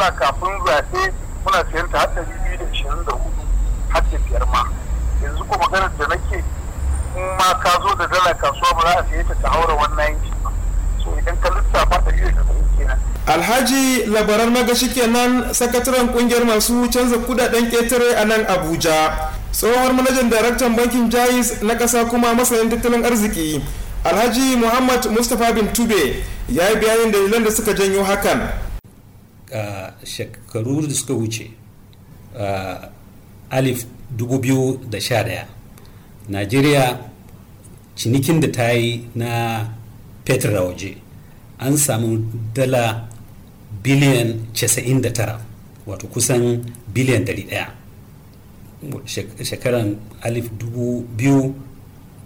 dala kafin zaɓe muna siyan ta har ɗari biyu da ishirin da hudu har da biyar ma yanzu ko maganar da nake in ma ka zo da dala kasuwa ba za a siye ta ta haura wannan yanki ba so idan ka lissafa yi da saba'in kenan alhaji labaran magashi kenan sakataren kungiyar masu canza kudaden ketare a nan abuja tsohon manajan daraktan bankin jais na kasa kuma masanin tattalin arziki alhaji muhammad mustapha bin tube ya yi bayanin dalilan da suka janyo hakan A shekaru da suka wuce a alif 2011 najeriya cinikin da ta yi na fetur da waje an samu dala biliyan 99 wato kusan biliyan 100 shekaran alif biyu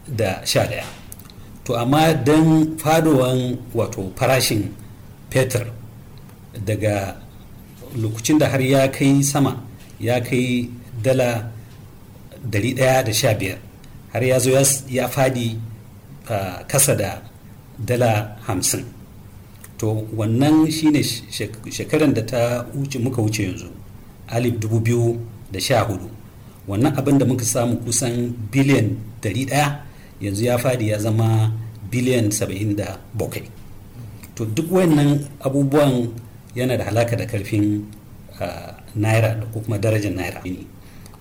da 2011 to amma don fadowan wato farashin fetur daga lokacin da har ya kai sama ya kai dala biyar, har ya zo ya fadi kasa da dala hamsin, to wannan shine shekarar da ta wuce muka wuce yanzu alif dubu biyu da sha hudu, wannan abin da muka samu kusan biliyan 100 yanzu ya fadi ya zama biliyan saba'in da 77 to duk wayannan abubuwan yana da halaka da karfin ah, naira da kuma darajar naira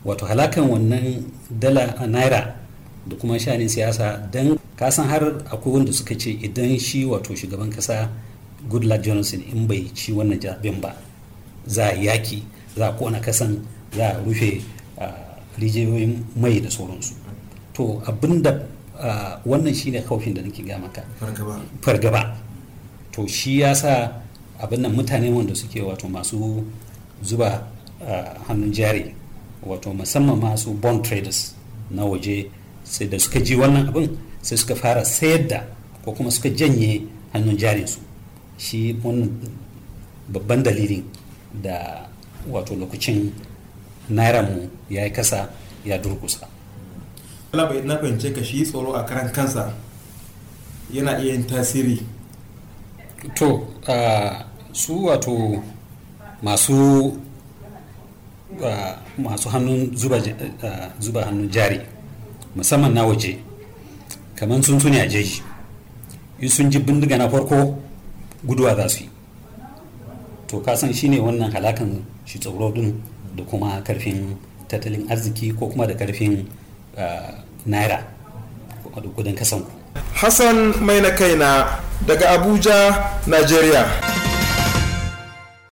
wato halakan wannan dala a ah, naira da kuma shanin siyasa don kasan har akwai wanda suka ce idan shi wato shugaban kasa goodluck johnson in bai ci wannan jabin ba za a yaki za a kona kasan za a rufe ah, rijiyoyin mai da sauransu to abinda wannan shine kaufin da nake ga maka fargaba to shi ya sa abin nan mutane wanda suke wato masu zuba ah, hannun jari wato musamman masu bond traders na waje sai da suka ji wannan abin sai suka fara sayar da ko kuma suka janye hannun jarinsu shi wannan babban dalilin da wato lokacin mu ya yi kasa ya durkusa bai na fahimce ka shi tsoro a karan kansa yana iya yin tasiri to ah, su wato masu uh, masu hannun uh, zuba hannun jari musamman na waje kamar sun suni a jeji in sun ji bindiga na farko guduwa za su yi to kasan shine wannan halakan shi tsoro din da kuma karfin tattalin arziki ko kuma da karfin uh, naira a kudin kasan hassan mai na kaina daga abuja nigeria